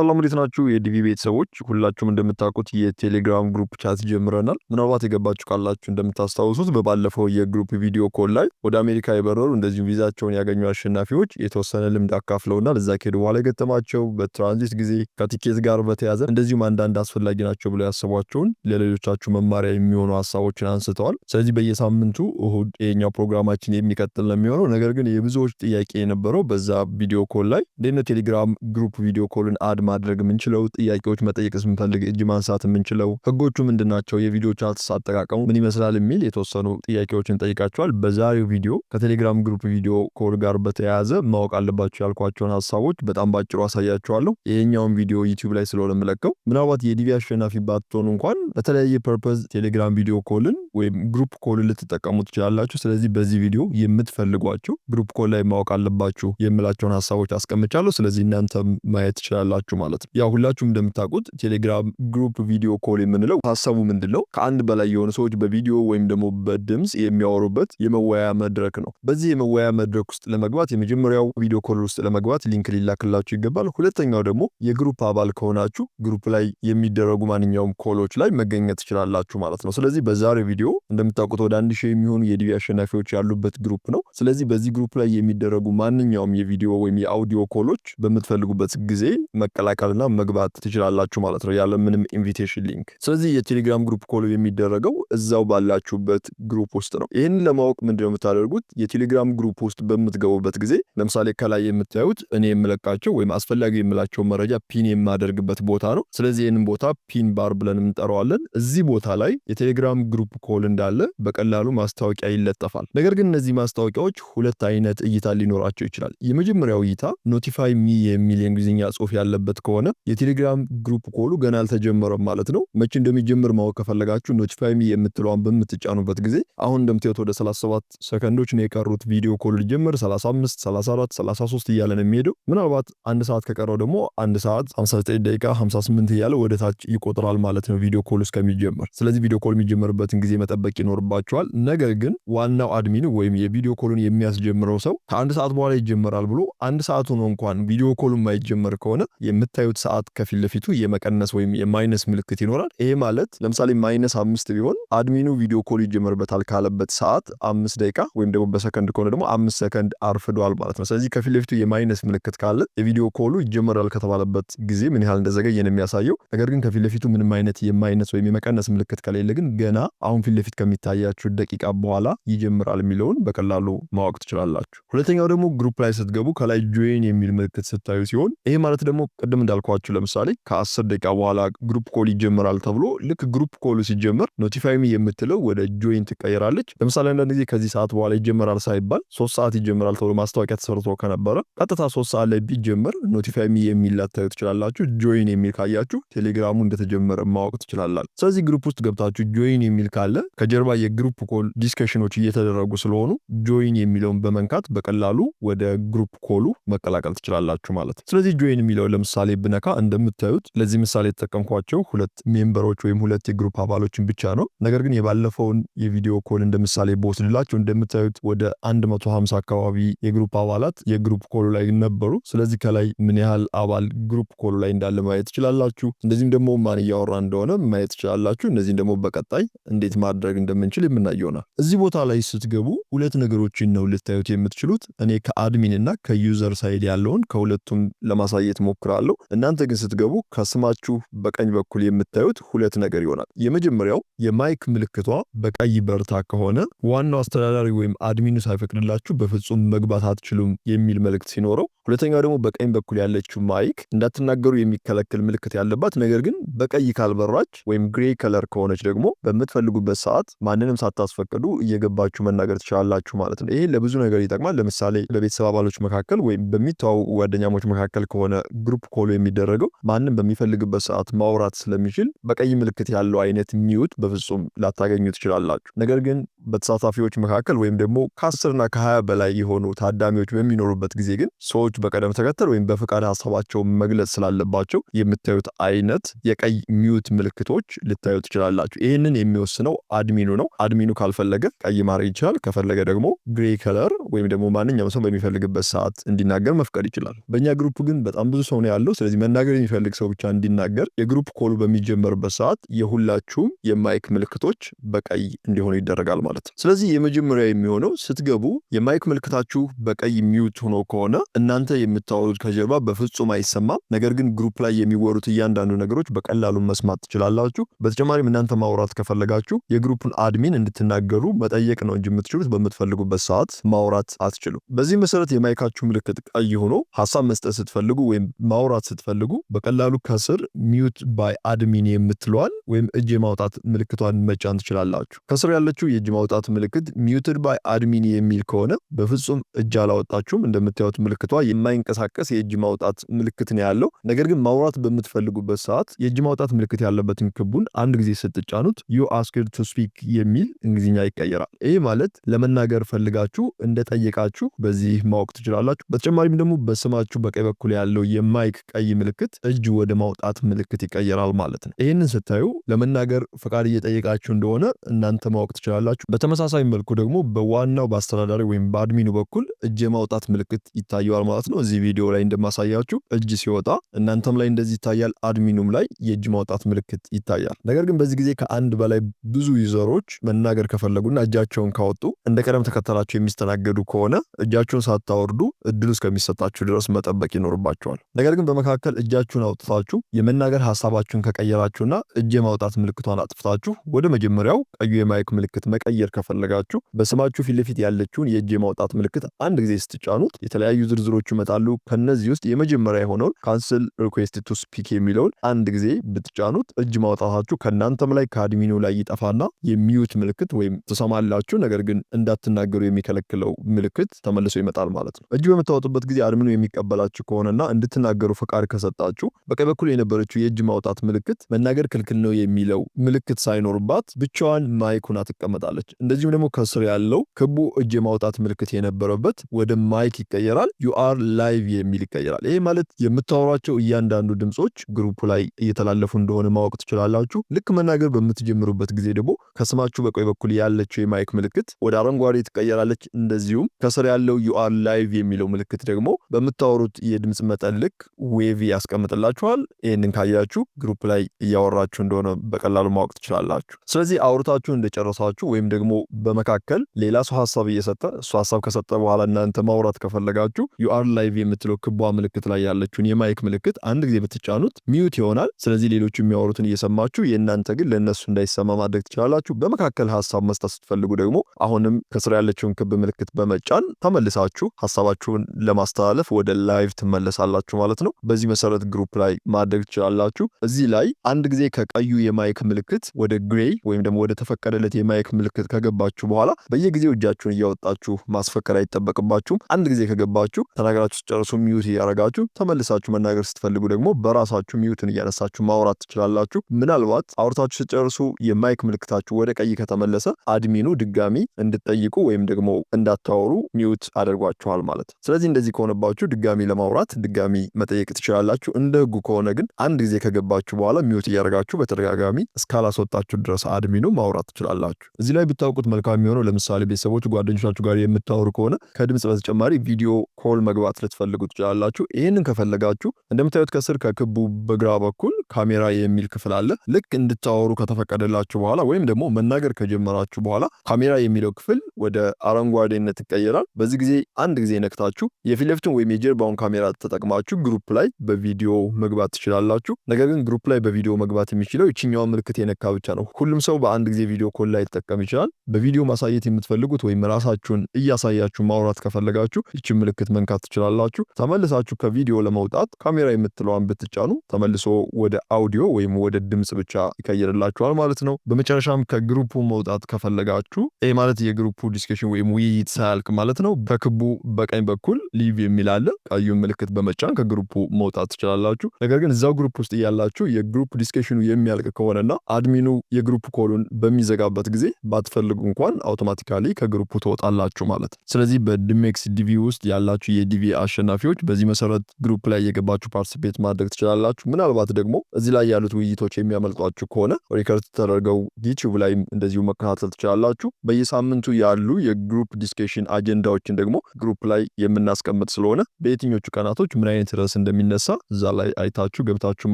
ሰላም እንዴት ናችሁ? የዲቪ ቤተሰቦች ሁላችሁም እንደምታውቁት የቴሌግራም ግሩፕ ቻት ጀምረናል። ምናልባት የገባችሁ ካላችሁ እንደምታስታውሱት በባለፈው የግሩፕ ቪዲዮ ኮል ላይ ወደ አሜሪካ የበረሩ እንደዚሁም ቪዛቸውን ያገኙ አሸናፊዎች የተወሰነ ልምድ አካፍለውናል። እዛ ከሄዱ በኋላ የገጠማቸው በትራንዚት ጊዜ ከቲኬት ጋር በተያዘ እንደዚሁም አንዳንድ አስፈላጊ ናቸው ብለው ያሰቧቸውን ለሌሎቻችሁ መማሪያ የሚሆኑ ሀሳቦችን አንስተዋል። ስለዚህ በየሳምንቱ እሁድ የኛው ፕሮግራማችን የሚቀጥል ነው የሚሆነው። ነገር ግን የብዙዎች ጥያቄ የነበረው በዛ ቪዲዮ ኮል ላይ እንደነ ቴሌግራም ግሩፕ ቪዲዮ ኮልን አድ ማድረግ የምንችለው? ጥያቄዎች መጠየቅ ስንፈልግ እጅ ማንሳት የምንችለው? ህጎቹ ምንድናቸው? የቪዲዮ ቻትስ አጠቃቀሙ ምን ይመስላል? የሚል የተወሰኑ ጥያቄዎችን ጠይቃቸዋል። በዛሬው ቪዲዮ ከቴሌግራም ግሩፕ ቪዲዮ ኮል ጋር በተያያዘ ማወቅ አለባቸው ያልኳቸውን ሀሳቦች በጣም ባጭሩ አሳያቸዋለሁ። ይሄኛውን ቪዲዮ ዩቲዩብ ላይ ስለሆነ የምለቀው ምናልባት የዲቪ አሸናፊ ባትሆኑ እንኳን በተለያየ ፐርፐዝ ቴሌግራም ቪዲዮ ኮልን ወይም ግሩፕ ኮልን ልትጠቀሙ ትችላላችሁ። ስለዚህ በዚህ ቪዲዮ የምትፈልጓቸው ግሩፕ ኮል ላይ ማወቅ አለባችሁ የምላቸውን ሀሳቦች አስቀምጫለሁ። ስለዚህ እናንተ ማየት ትችላላችሁ። ትችላላችሁ ማለት ነው። ያ ሁላችሁም እንደምታውቁት ቴሌግራም ግሩፕ ቪዲዮ ኮል የምንለው ሀሳቡ ምንድን ነው? ከአንድ በላይ የሆኑ ሰዎች በቪዲዮ ወይም ደግሞ በድምፅ የሚያወሩበት የመወያያ መድረክ ነው። በዚህ የመወያያ መድረክ ውስጥ ለመግባት የመጀመሪያው ቪዲዮ ኮል ውስጥ ለመግባት ሊንክ ሊላክላችሁ ይገባል። ሁለተኛው ደግሞ የግሩፕ አባል ከሆናችሁ ግሩፕ ላይ የሚደረጉ ማንኛውም ኮሎች ላይ መገኘት ትችላላችሁ ማለት ነው። ስለዚህ በዛሬ ቪዲዮ እንደምታውቁት ወደ አንድ ሺህ የሚሆኑ የዲቪ አሸናፊዎች ያሉበት ግሩፕ ነው። ስለዚህ በዚህ ግሩፕ ላይ የሚደረጉ ማንኛውም የቪዲዮ ወይም የአውዲዮ ኮሎች በምትፈልጉበት ጊዜ መቀ መቀላቀልና መግባት ትችላላችሁ ማለት ነው ያለ ምንም ኢንቪቴሽን ሊንክ። ስለዚህ የቴሌግራም ግሩፕ ኮል የሚደረገው እዛው ባላችሁበት ግሩፕ ውስጥ ነው። ይህን ለማወቅ ምንድነው የምታደርጉት? የቴሌግራም ግሩፕ ውስጥ በምትገቡበት ጊዜ ለምሳሌ ከላይ የምታዩት እኔ የምለቃቸው ወይም አስፈላጊ የምላቸው መረጃ ፒን የማደርግበት ቦታ ነው። ስለዚህ ይህንን ቦታ ፒን ባር ብለን እንጠራዋለን። እዚህ ቦታ ላይ የቴሌግራም ግሩፕ ኮል እንዳለ በቀላሉ ማስታወቂያ ይለጠፋል። ነገር ግን እነዚህ ማስታወቂያዎች ሁለት አይነት እይታ ሊኖራቸው ይችላል። የመጀመሪያው እይታ ኖቲፋይ ሚ የሚል የእንግሊዝኛ ጽሑፍ ያለበት የምንሰራበት ከሆነ የቴሌግራም ግሩፕ ኮሉ ገና አልተጀመረም ማለት ነው። መቼ እንደሚጀምር ማወቅ ከፈለጋችሁ ኖቲፋይሚ የምትለዋን በምትጫኑበት ጊዜ አሁን እንደምታዩት ወደ 37 ሰከንዶች ነው የቀሩት። ቪዲዮ ኮል ሊጀምር 35፣ 34፣ 33 እያለ ነው የሚሄደው። ምናልባት አንድ ሰዓት ከቀረው ደግሞ አንድ ሰዓት 59 ደቂቃ 58 እያለ ወደ ታች ይቆጥራል ማለት ነው ቪዲዮ ኮል እስከሚጀምር። ስለዚህ ቪዲዮ ኮል የሚጀምርበትን ጊዜ መጠበቅ ይኖርባቸዋል። ነገር ግን ዋናው አድሚን ወይም የቪዲዮ ኮሉን የሚያስጀምረው ሰው ከአንድ ሰዓት በኋላ ይጀመራል ብሎ አንድ ሰዓቱ ነው እንኳን ቪዲዮ ኮሉ ማይጀመር ከሆነ የምታዩት ሰዓት ከፊት ለፊቱ የመቀነስ ወይም የማይነስ ምልክት ይኖራል። ይሄ ማለት ለምሳሌ ማይነስ አምስት ቢሆን አድሚኑ ቪዲዮ ኮል ይጀመርበታል ካለበት ሰዓት አምስት ደቂቃ ወይም ደግሞ በሰከንድ ከሆነ ደግሞ አምስት ሰከንድ አርፍዷል ማለት ነው። ስለዚህ ከፊት ለፊቱ የማይነስ ምልክት ካለ የቪዲዮ ኮሉ ይጀመራል ከተባለበት ጊዜ ምን ያህል እንደዘገየ ነው የሚያሳየው። ነገር ግን ከፊት ለፊቱ ምንም አይነት የማይነስ ወይም የመቀነስ ምልክት ከሌለ ግን ገና አሁን ፊት ለፊት ከሚታያችሁ ደቂቃ በኋላ ይጀምራል የሚለውን በቀላሉ ማወቅ ትችላላችሁ። ሁለተኛው ደግሞ ግሩፕ ላይ ስትገቡ ከላይ ጆይን የሚል ምልክት ስታዩ ሲሆን ይሄ ማለት ደግሞ ቅድም እንዳልኳችሁ ለምሳሌ ከአስር ደቂቃ በኋላ ግሩፕ ኮል ይጀምራል ተብሎ ልክ ግሩፕ ኮሉ ሲጀምር ኖቲፋይሚ የምትለው ወደ ጆይን ትቀየራለች። ለምሳሌ አንዳንድ ጊዜ ከዚህ ሰዓት በኋላ ይጀምራል ሳይባል ሶስት ሰዓት ይጀምራል ተብሎ ማስታወቂያ ተሰርቶ ከነበረ ቀጥታ ሶስት ሰዓት ላይ ቢጀምር ኖቲፋይሚ የሚል ላታዩ ትችላላችሁ። ጆይን የሚል ካያችሁ ቴሌግራሙ እንደተጀመረ ማወቅ ትችላላል። ስለዚህ ግሩፕ ውስጥ ገብታችሁ ጆይን የሚል ካለ ከጀርባ የግሩፕ ኮል ዲስከሽኖች እየተደረጉ ስለሆኑ ጆይን የሚለውን በመንካት በቀላሉ ወደ ግሩፕ ኮሉ መቀላቀል ትችላላችሁ ማለት ስለዚህ ጆይን የሚለው ለምሳሌ ምሳሌ ብነካ እንደምታዩት ለዚህ ምሳሌ የተጠቀምኳቸው ሁለት ሜምበሮች ወይም ሁለት የግሩፕ አባሎችን ብቻ ነው። ነገር ግን የባለፈውን የቪዲዮ ኮል እንደ ምሳሌ በወስድላቸው እንደምታዩት ወደ 150 አካባቢ የግሩፕ አባላት የግሩፕ ኮሉ ላይ ነበሩ። ስለዚህ ከላይ ምን ያህል አባል ግሩፕ ኮሉ ላይ እንዳለ ማየት ትችላላችሁ። እንደዚህም ደግሞ ማን እያወራ እንደሆነ ማየት ትችላላችሁ። እነዚህም ደግሞ በቀጣይ እንዴት ማድረግ እንደምንችል የምናየው ነው። እዚህ ቦታ ላይ ስትገቡ ሁለት ነገሮችን ነው ልታዩት የምትችሉት። እኔ ከአድሚን እና ከዩዘር ሳይድ ያለውን ከሁለቱም ለማሳየት ሞክራለሁ። አለው። እናንተ ግን ስትገቡ ከስማችሁ በቀኝ በኩል የምታዩት ሁለት ነገር ይሆናል። የመጀመሪያው የማይክ ምልክቷ በቀይ በርታ ከሆነ ዋናው አስተዳዳሪ ወይም አድሚኑ ሳይፈቅድላችሁ በፍጹም መግባት አትችሉም የሚል መልእክት ሲኖረው፣ ሁለተኛው ደግሞ በቀኝ በኩል ያለችው ማይክ እንዳትናገሩ የሚከለክል ምልክት ያለባት ነገር ግን በቀይ ካልበራች ወይም ግሬ ከለር ከሆነች ደግሞ በምትፈልጉበት ሰዓት ማንንም ሳታስፈቅዱ እየገባችሁ መናገር ትችላላችሁ ማለት ነው። ይሄ ለብዙ ነገር ይጠቅማል። ለምሳሌ በቤተሰብ አባሎች መካከል ወይም በሚተዋወቁ ጓደኛሞች መካከል ከሆነ ግሩፕ ፎሎ የሚደረገው ማንም በሚፈልግበት ሰዓት ማውራት ስለሚችል በቀይ ምልክት ያለው አይነት ሚዩት በፍጹም ላታገኙ ትችላላችሁ። ነገር ግን በተሳታፊዎች መካከል ወይም ደግሞ ከአስርና ከሀያ በላይ የሆኑ ታዳሚዎች በሚኖሩበት ጊዜ ግን ሰዎች በቀደም ተከተል ወይም በፈቃድ ሀሳባቸው መግለጽ ስላለባቸው የምታዩት አይነት የቀይ ሚዩት ምልክቶች ልታዩ ትችላላችሁ። ይህንን የሚወስነው አድሚኑ ነው። አድሚኑ ካልፈለገ ቀይ ማድረግ ይችላል። ከፈለገ ደግሞ ግሬ ከለር ወይም ደግሞ ማንኛውም ሰው በሚፈልግበት ሰዓት እንዲናገር መፍቀድ ይችላል። በእኛ ግሩፕ ግን በጣም ብዙ ሰው ነው ያለው። ስለዚህ መናገር የሚፈልግ ሰው ብቻ እንዲናገር የግሩፕ ኮሉ በሚጀመርበት ሰዓት የሁላችሁም የማይክ ምልክቶች በቀይ እንዲሆኑ ይደረጋል ማለት ማለት ነው። ስለዚህ የመጀመሪያ የሚሆነው ስትገቡ የማይክ ምልክታችሁ በቀይ ሚውት ሆኖ ከሆነ እናንተ የምታወሩት ከጀርባ በፍጹም አይሰማም። ነገር ግን ግሩፕ ላይ የሚወሩት እያንዳንዱ ነገሮች በቀላሉ መስማት ትችላላችሁ። በተጨማሪም እናንተ ማውራት ከፈለጋችሁ የግሩፕን አድሚን እንድትናገሩ መጠየቅ ነው እንጂ የምትችሉት በምትፈልጉበት ሰዓት ማውራት አትችሉ። በዚህ መሰረት የማይካችሁ ምልክት ቀይ ሆኖ ሀሳብ መስጠት ስትፈልጉ ወይም ማውራት ስትፈልጉ በቀላሉ ከስር ሚውት ባይ አድሚን የምትለዋል ወይም እጅ የማውጣት ምልክቷን መጫን ትችላላችሁ። ከስር ያለችው የእጅ የማውጣት ምልክት ሚውትድ ባይ አድሚን የሚል ከሆነ በፍጹም እጅ አላወጣችሁም። እንደምታዩት ምልክቷ የማይንቀሳቀስ የእጅ ማውጣት ምልክት ነው ያለው። ነገር ግን ማውራት በምትፈልጉበት ሰዓት የእጅ ማውጣት ምልክት ያለበትን ክቡን አንድ ጊዜ ስትጫኑት ዩ አስክድ ቱ ስፒክ የሚል እንግሊዝኛ ይቀየራል። ይህ ማለት ለመናገር ፈልጋችሁ እንደጠየቃችሁ በዚህ ማወቅ ትችላላችሁ። በተጨማሪም ደግሞ በስማችሁ በቀኝ በኩል ያለው የማይክ ቀይ ምልክት እጅ ወደ ማውጣት ምልክት ይቀየራል ማለት ነው። ይህንን ስታዩ ለመናገር ፈቃድ እየጠየቃችሁ እንደሆነ እናንተ ማወቅ ትችላላችሁ። በተመሳሳይ መልኩ ደግሞ በዋናው በአስተዳዳሪ ወይም በአድሚኑ በኩል እጅ የማውጣት ምልክት ይታየዋል ማለት ነው። እዚህ ቪዲዮ ላይ እንደማሳያችሁ እጅ ሲወጣ እናንተም ላይ እንደዚህ ይታያል፣ አድሚኑም ላይ የእጅ ማውጣት ምልክት ይታያል። ነገር ግን በዚህ ጊዜ ከአንድ በላይ ብዙ ዩዘሮች መናገር ከፈለጉና እጃቸውን ካወጡ እንደ ቀደም ተከተላቸው የሚስተናገዱ ከሆነ እጃችሁን ሳታወርዱ እድሉ እስከሚሰጣችሁ ድረስ መጠበቅ ይኖርባቸዋል። ነገር ግን በመካከል እጃችሁን አውጥታችሁ የመናገር ሀሳባችሁን ከቀየራችሁና እጅ የማውጣት ምልክቷን አጥፍታችሁ ወደ መጀመሪያው ቀዩ የማይክ ምልክት መቀየ መቀየር ከፈለጋችሁ በስማችሁ ፊት ለፊት ያለችውን የእጅ የማውጣት ምልክት አንድ ጊዜ ስትጫኑት የተለያዩ ዝርዝሮች ይመጣሉ። ከነዚህ ውስጥ የመጀመሪያ የሆነውን ካንስል ሪኩዌስት ቱ ስፒክ የሚለውን አንድ ጊዜ ብትጫኑት እጅ ማውጣታችሁ ከእናንተም ላይ ከአድሚኑ ላይ ይጠፋና የሚዩት ምልክት ወይም ትሰማላችሁ፣ ነገር ግን እንዳትናገሩ የሚከለክለው ምልክት ተመልሶ ይመጣል ማለት ነው። እጅ በምታወጡበት ጊዜ አድሚኑ የሚቀበላችሁ ከሆነና እንድትናገሩ ፈቃድ ከሰጣችሁ በቀኝ በኩል የነበረችው የእጅ ማውጣት ምልክት መናገር ክልክል ነው የሚለው ምልክት ሳይኖርባት ብቻዋን ማይክ ሆና ትቀመጣለች። እንደዚሁም ደግሞ ከስር ያለው ክቡ እጅ የማውጣት ምልክት የነበረበት ወደ ማይክ ይቀየራል። ዩአር ላይቭ የሚል ይቀየራል። ይሄ ማለት የምታወሯቸው እያንዳንዱ ድምፆች ግሩፕ ላይ እየተላለፉ እንደሆነ ማወቅ ትችላላችሁ። ልክ መናገር በምትጀምሩበት ጊዜ ደግሞ ከስማችሁ በቀኝ በኩል ያለችው የማይክ ምልክት ወደ አረንጓዴ ትቀየራለች። እንደዚሁም ከስር ያለው ዩአር ላይቭ የሚለው ምልክት ደግሞ በምታወሩት የድምፅ መጠን ልክ ዌቭ ያስቀምጥላችኋል። ይህንን ካያችሁ ግሩፕ ላይ እያወራችሁ እንደሆነ በቀላሉ ማወቅ ትችላላችሁ። ስለዚህ አውርታችሁ እንደጨረሳችሁ ወይም ደግሞ በመካከል ሌላ ሰው ሀሳብ እየሰጠ እሱ ሀሳብ ከሰጠ በኋላ እናንተ ማውራት ከፈለጋችሁ ዩአር ላይቭ የምትለው ክቧ ምልክት ላይ ያለችውን የማይክ ምልክት አንድ ጊዜ ብትጫኑት ሚዩት ይሆናል። ስለዚህ ሌሎቹ የሚያወሩትን እየሰማችሁ የእናንተ ግን ለእነሱ እንዳይሰማ ማድረግ ትችላላችሁ። በመካከል ሀሳብ መስጠት ስትፈልጉ ደግሞ አሁንም ከስር ያለችውን ክብ ምልክት በመጫን ተመልሳችሁ ሀሳባችሁን ለማስተላለፍ ወደ ላይቭ ትመለሳላችሁ ማለት ነው። በዚህ መሰረት ግሩፕ ላይ ማድረግ ትችላላችሁ። እዚህ ላይ አንድ ጊዜ ከቀዩ የማይክ ምልክት ወደ ግሬይ ወይም ደግሞ ወደ ተፈቀደለት የማይክ ምልክት ከገባችሁ በኋላ በየጊዜው እጃችሁን እያወጣችሁ ማስፈከር አይጠበቅባችሁም። አንድ ጊዜ ከገባችሁ ተናገራችሁ ስጨርሱ ሚዩት እያረጋችሁ ተመልሳችሁ መናገር ስትፈልጉ ደግሞ በራሳችሁ ሚዩትን እያነሳችሁ ማውራት ትችላላችሁ። ምናልባት አውርታችሁ ስጨርሱ የማይክ ምልክታችሁ ወደ ቀይ ከተመለሰ አድሚኑ ድጋሚ እንድጠይቁ ወይም ደግሞ እንዳታወሩ ሚዩት አድርጓችኋል ማለት ነው። ስለዚህ እንደዚህ ከሆነባችሁ ድጋሚ ለማውራት ድጋሚ መጠየቅ ትችላላችሁ። እንደ ህጉ ከሆነ ግን አንድ ጊዜ ከገባችሁ በኋላ ሚዩት እያረጋችሁ በተደጋጋሚ እስካላስወጣችሁ ድረስ አድሚኑ ማውራት ትችላላችሁ። እዚህ ላይ የምታውቁት መልካም የሚሆነው ለምሳሌ ቤተሰቦች ጓደኞቻችሁ ጋር የምታወሩ ከሆነ ከድምፅ በተጨማሪ ቪዲዮ ኮል መግባት ልትፈልጉ ትችላላችሁ። ይህንን ከፈለጋችሁ እንደምታዩት ከስር ከክቡ በግራ በኩል ካሜራ የሚል ክፍል አለ። ልክ እንድታወሩ ከተፈቀደላችሁ በኋላ ወይም ደግሞ መናገር ከጀመራችሁ በኋላ ካሜራ የሚለው ክፍል ወደ አረንጓዴነት ይቀየራል። በዚህ ጊዜ አንድ ጊዜ ነክታችሁ የፊት ለፊቱን ወይም የጀርባውን ካሜራ ተጠቅማችሁ ግሩፕ ላይ በቪዲዮ መግባት ትችላላችሁ። ነገር ግን ግሩፕ ላይ በቪዲዮ መግባት የሚችለው ይችኛውን ምልክት የነካ ብቻ ነው። ሁሉም ሰው በአንድ ጊዜ ቪዲዮ ኮል ላይ ይጠቀም ይችላል። ይችላል። በቪዲዮ ማሳየት የምትፈልጉት ወይም ራሳችሁን እያሳያችሁ ማውራት ከፈለጋችሁ ይችን ምልክት መንካት ትችላላችሁ። ተመልሳችሁ ከቪዲዮ ለመውጣት ካሜራ የምትለዋን ብትጫኑ ተመልሶ ወደ አውዲዮ ወይም ወደ ድምፅ ብቻ ይቀይርላችኋል ማለት ነው። በመጨረሻም ከግሩፑ መውጣት ከፈለጋችሁ ይህ ማለት የግሩፑ ዲስከሽን ወይም ውይይት ሳያልቅ ማለት ነው። በክቡ በቀኝ በኩል ሊቭ የሚል አለ። ቀዩን ምልክት በመጫን ከግሩፑ መውጣት ትችላላችሁ። ነገር ግን እዛው ግሩፕ ውስጥ እያላችሁ የግሩፕ ዲስከሽኑ የሚያልቅ ከሆነና አድሚኑ የግሩፕ ኮሉን በሚዘጋበት ጊዜ ባትፈልጉ እንኳን አውቶማቲካሊ ከግሩፑ ትወጣላችሁ ማለት ስለዚህ በድሜክስ ዲቪ ውስጥ ያላችሁ የዲቪ አሸናፊዎች በዚህ መሰረት ግሩፕ ላይ የገባችሁ ፓርቲስፔት ማድረግ ትችላላችሁ። ምናልባት ደግሞ እዚህ ላይ ያሉት ውይይቶች የሚያመልጧችሁ ከሆነ ሪከርድ ተደርገው ዩቲዩብ ላይ እንደዚሁ መከታተል ትችላላችሁ። በየሳምንቱ ያሉ የግሩፕ ዲስከሽን አጀንዳዎችን ደግሞ ግሩፕ ላይ የምናስቀምጥ ስለሆነ በየትኞቹ ቀናቶች ምን አይነት ርዕስ እንደሚነሳ እዛ ላይ አይታችሁ ገብታችሁ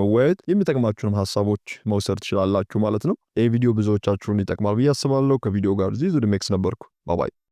መወያየት የሚጠቅማችሁንም ሀሳቦች መውሰድ ትችላላችሁ ማለት ነው። ይህ ቪዲዮ ብዙዎቻችሁን ይጠቅማል ብዬ አስባለሁ። ከቪዲዮ ጋር ዚዙ ድሜክስ ነበርኩ። ባባይ